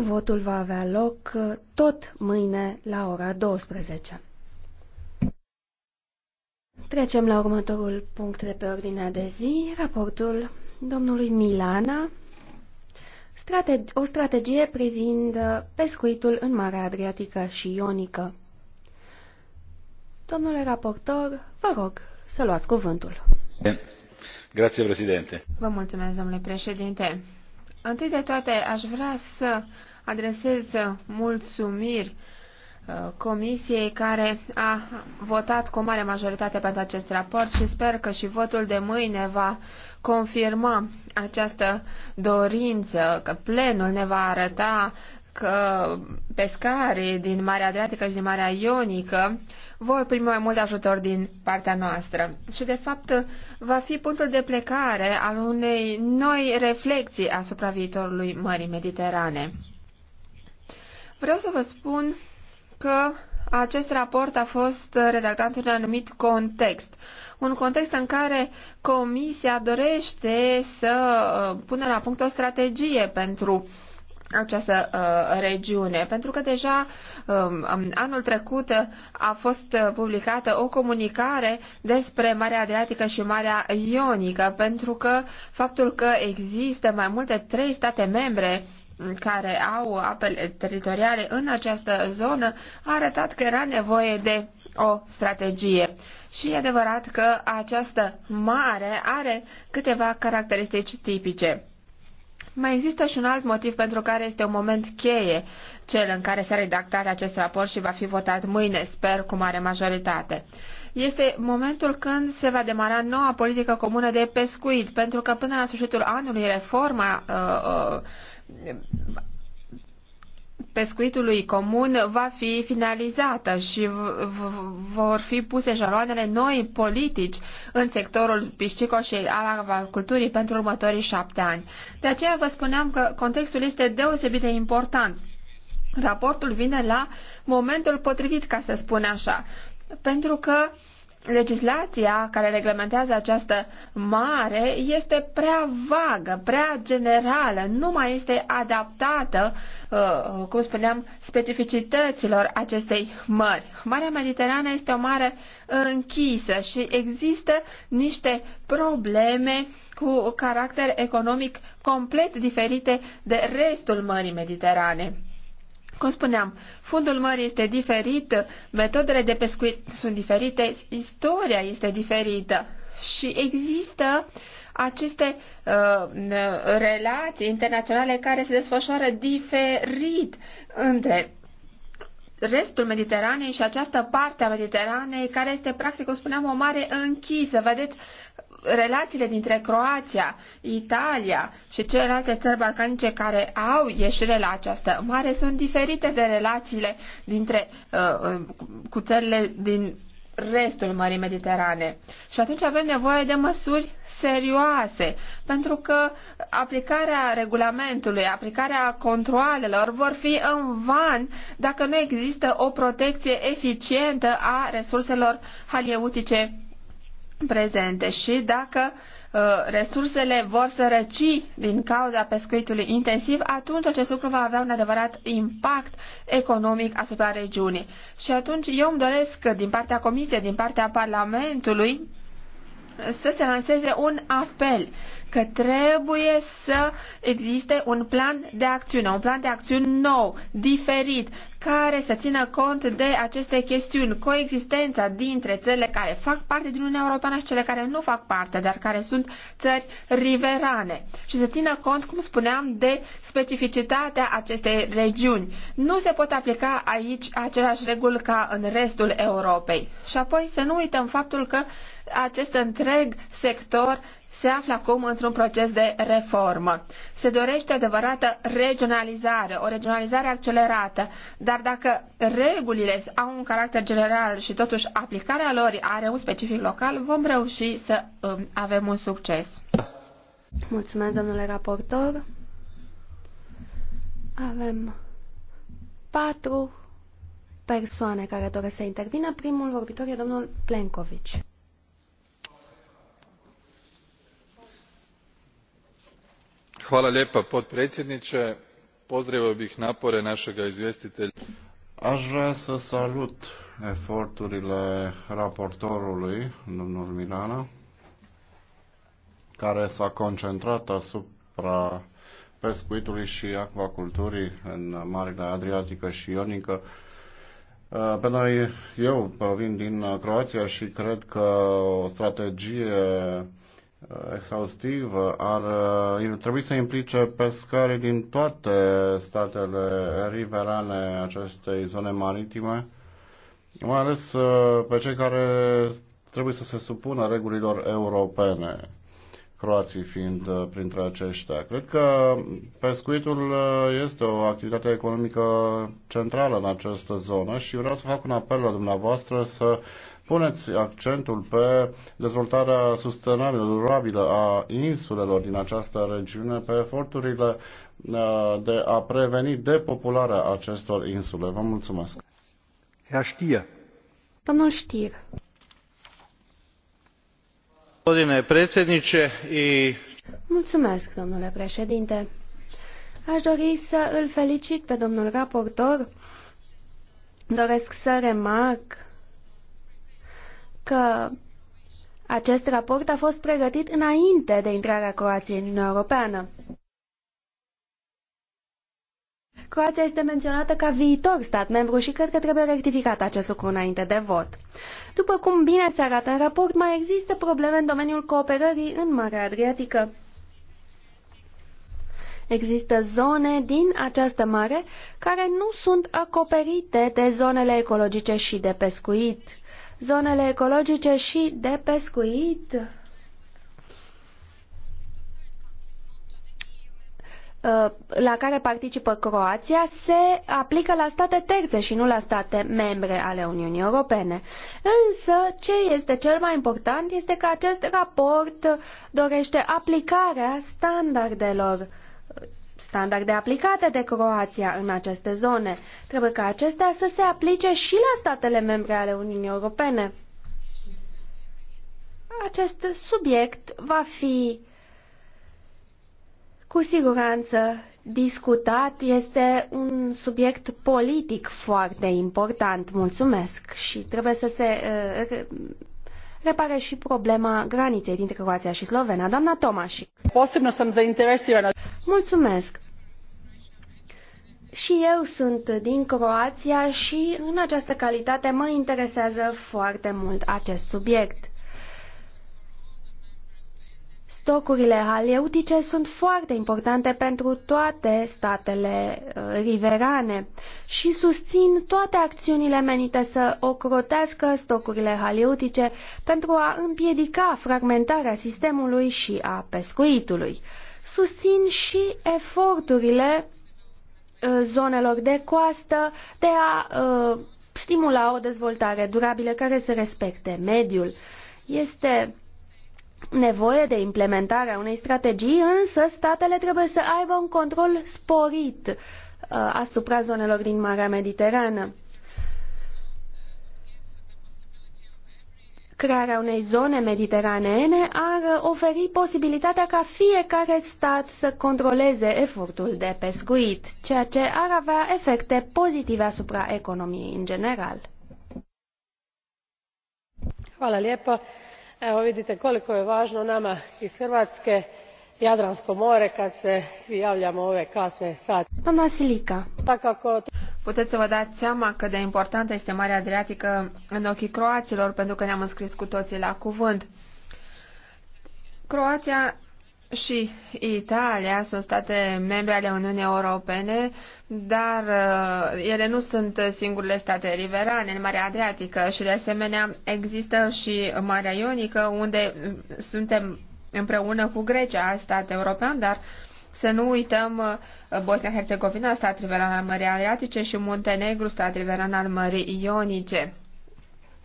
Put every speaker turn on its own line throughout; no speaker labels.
Votul va avea loc uh, tot mâine la ora 12. Trecem la următorul punct de pe ordinea de zi, raportul domnului Milana, o strategie privind uh, pescuitul în Marea Adriatică și Ionică. Domnule raportor, vă rog să luați cuvântul.
Grazie,
președinte. Vă mulțumesc, domnule președinte. Întâi de toate, aș vrea să adresez mulțumiri uh, comisiei care a votat cu o mare majoritate pentru acest raport și sper că și votul de mâine va confirma această dorință, că plenul ne va arăta că pescarii din Marea Adriatică și din Marea Ionică vor primi mai mult ajutor din partea noastră. Și, de fapt, va fi punctul de plecare al unei noi reflexii asupra viitorului Mării Mediterane. Vreau să vă spun că acest raport a fost redactat într-un anumit context. Un context în care Comisia dorește să uh, pună la punct o strategie pentru această uh, regiune, pentru că deja um, anul trecut a fost publicată o comunicare despre Marea Adriatică și Marea Ionică, pentru că faptul că există mai multe trei state membre uh, care au apele teritoriale în această zonă a arătat că era nevoie de o strategie. Și e adevărat că această mare are câteva caracteristici tipice. Mai există și un alt motiv pentru care este un moment cheie, cel în care s-a redactat acest raport și va fi votat mâine, sper, cu mare majoritate. Este momentul când se va demara noua politică comună de pescuit, pentru că până la sfârșitul anului reforma uh, uh, pescuitului comun va fi finalizată și vor fi puse jaloanele noi politici în sectorul piscico și al acvaculturii pentru următorii șapte ani. De aceea vă spuneam că contextul este deosebit de important. Raportul vine la momentul potrivit, ca să spun așa, pentru că uh, legislația care reglementează această mare este prea vagă, prea generală, nu mai este adaptată, uh, cum spuneam, specificităților acestei mări. Marea Mediterană este o mare închisă și există niște probleme cu caracter economic complet diferite de restul Mării Mediterane. Cum spuneam, fundul mării este diferit, metodele de pescuit sunt diferite, istoria este diferită și există aceste uh, relații internaționale care se desfășoară diferit între restul Mediteranei și această parte a Mediteranei, care este, practic, cum spuneam, o mare închisă. Vedeți, relațiile dintre Croația, Italia și celelalte țări balcanice care au ieșire la această mare sunt diferite de relațiile dintre uh, cu țările din restul Mării Mediterane. Și atunci avem nevoie de măsuri serioase, pentru că aplicarea regulamentului, aplicarea controalelor vor fi în van dacă nu există o protecție eficientă a resurselor halieutice prezente și dacă uh, resursele vor sărăci din cauza pescuitului intensiv, atunci acest lucru va avea un adevărat impact economic asupra regiunii. Și atunci eu îmi doresc din partea Comisiei, din partea Parlamentului, să se lanseze un apel că trebuie să existe un plan de acțiune, un plan de acțiune nou, diferit, care să țină cont de aceste chestiuni, coexistența dintre țările care fac parte din Uniunea Europeană și cele care nu fac parte, dar care sunt țări riverane și să țină cont, cum spuneam, de specificitatea acestei regiuni. Nu se pot aplica aici aceleași reguli ca în restul Europei. Și apoi să nu uităm faptul că acest întreg sector se află acum într-un proces de reformă. Se dorește adevărată regionalizare, o regionalizare accelerată, dar dacă regulile au un caracter general și totuși aplicarea lor are un specific local, vom reuși să um, avem un succes.
Mulțumesc, domnule raportor. Avem patru persoane care doresc să intervină. Primul vorbitor e domnul Plenković.
gospodine potpredsjednie pozdravio bih napore našega izvjestitelja. a vrea să salut eforturile raportorului domnul milana care s a concentrat asupra pescuitului i acvaculturii în marile adriatică i ionică. Pe noi, eu provin din Croația și cred că o strategie Uh, exhaustivă ar uh, trebui să implice pescări din toate statele riverane acestei zone maritime, mai ales uh, pe cei care trebuie să se supună regulilor europene, croații fiind printre aceștia. Cred că pescuitul este o activitate economică centrală în această zonă și vreau să fac un apel la dumneavoastră să uh, Puneți accentul pe dezvoltarea sustenabilă, durabilă a insulelor din această regiune, pe eforturile uh, de a preveni depopularea acestor insule. Vă mulțumesc. Herr Stier.
Domnul Stier.
Domnule președinte,
Mulțumesc, domnule președinte. Aș dori să îl felicit pe domnul raportor. Doresc să remarc că acest raport a fost pregătit înainte de intrarea Croației în Uniunea Europeană. Croația este menționată ca viitor stat membru și cred că trebuie rectificat acest lucru înainte de vot. După cum bine se arată în raport, mai există probleme în domeniul cooperării în Marea Adriatică. Există zone din această mare care nu sunt acoperite de zonele ecologice și de pescuit zonele ecologice și de pescuit. Uh, la care participă Croația se aplică la state terțe și nu la state membre ale Uniunii Europene. Însă, ce este cel mai important este că acest raport dorește aplicarea standardelor standarde aplicate de Croația în aceste zone. Trebuie ca acestea să se aplice și la statele membre ale Uniunii Europene. Acest subiect va fi cu siguranță discutat. Este un subiect politic foarte important. Mulțumesc și trebuie să se uh, repare și problema graniței dintre Croația și Slovenia. Doamna Tomașic. Posebno sam zainteresirana. Mulțumesc. Și eu sunt din Croația și în această calitate mă interesează foarte mult acest subiect. Stocurile halieutice sunt foarte importante pentru toate statele uh, riverane și susțin toate acțiunile menite să ocrotească stocurile halieutice pentru a împiedica fragmentarea sistemului și a pescuitului. Susțin și eforturile uh, zonelor de coastă de a uh, stimula o dezvoltare durabilă care să respecte mediul. Este nevoie de implementarea unei strategii, însă statele trebuie să aibă un control sporit uh, asupra zonelor din Marea Mediterană. Crearea unei zone mediteraneene ar oferi posibilitatea ca fiecare stat să controleze efortul de pescuit, ceea ce ar avea efecte pozitive asupra economiei în general.
Hvala evo vidite koliko je vano nama iz hrvatske jadransko more kad se svi javljamo u ove kasne sate. Svakako... Puteți să vă dați seama cât de importantă este Marea Adriatică în ochii croaților, pentru că ne-am înscris cu toții la cuvânt. Croația și Italia sunt state membre ale Uniunii Europene, dar uh, ele nu sunt singurele state riverane în Marea Adriatică și de asemenea există și Marea Ionică unde uh, suntem împreună cu Grecia, stat european, dar să nu uităm uh, Bosnia-Herzegovina, stat riveran al Mării Adriatice și Muntenegru, stat riveran al Mării Ionice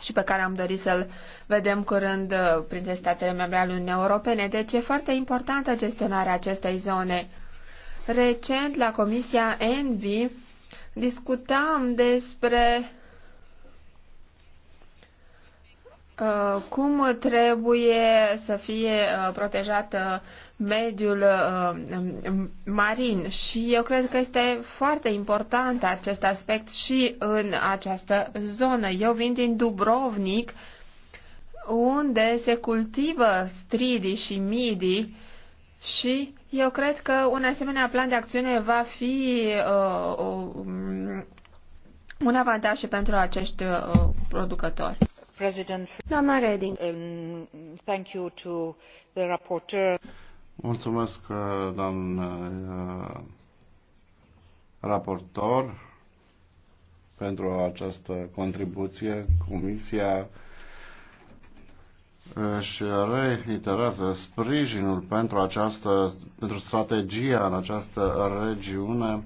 și pe care am dorit să-l vedem curând uh, printre statele membre ale Uniunii Europene. Deci e foarte importantă gestionarea acestei zone. Recent, la Comisia Envi, discutam despre Uh, cum trebuie să fie uh, protejat uh, mediul marin și eu cred că este foarte important acest aspect și în această zonă. Eu vin din Dubrovnik, unde se cultivă stridii și midii și eu cred că un asemenea plan de acțiune va fi uh, um, un avantaj și pentru acești uh, producători.
President. Doamna um,
Mulțumesc, uh, doamnă uh, raportor, pentru această contribuție. Comisia își reiterează sprijinul pentru, această, pentru strategia în această regiune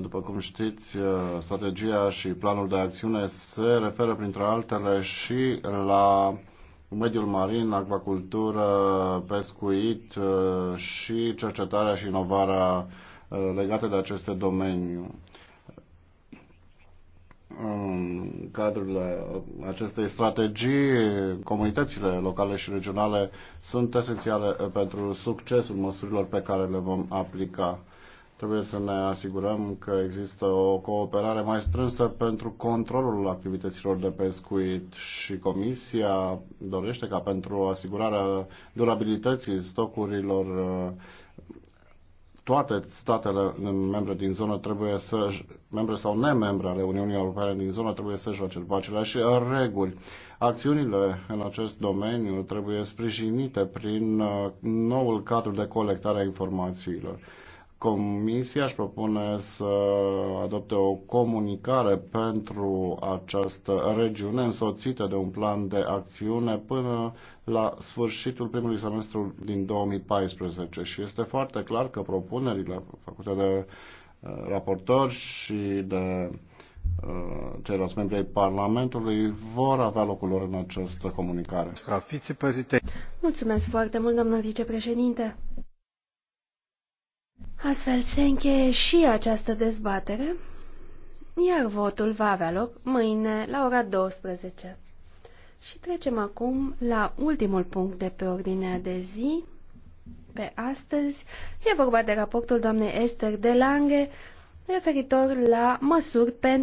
după cum știți, uh, strategia și planul de acțiune se referă, printre altele, și la mediul marin, acvacultură, pescuit uh, și cercetarea și inovarea uh, legate de aceste domenii. În cadrul acestei strategii, comunitățile locale și regionale sunt esențiale pentru succesul măsurilor pe care le vom aplica. Trebuie să ne asigurăm că există o cooperare mai strânsă pentru controlul activităților de pescuit și Comisia dorește ca pentru asigurarea durabilității stocurilor toate statele membre din zonă trebuie să, membre sau nemembre ale Uniunii Europene din zonă trebuie să joace după aceleași reguli. Acțiunile în acest domeniu trebuie sprijinite prin uh, noul cadru de colectare a informațiilor. Comisia își propune să adopte o comunicare pentru această regiune însoțită de un plan de acțiune până la sfârșitul primului semestru din 2014 și este foarte clar că propunerile făcute de uh, raportori și de uh, ceilalți membri ai Parlamentului vor avea locul lor în această comunicare.
Mulțumesc foarte mult, doamnă vicepreședinte. Astfel se încheie și această dezbatere, iar votul va avea loc mâine la ora 12. Și trecem acum la ultimul punct de pe ordinea de zi pe astăzi. E vorba de raportul doamnei Esther de Lange referitor la măsuri pentru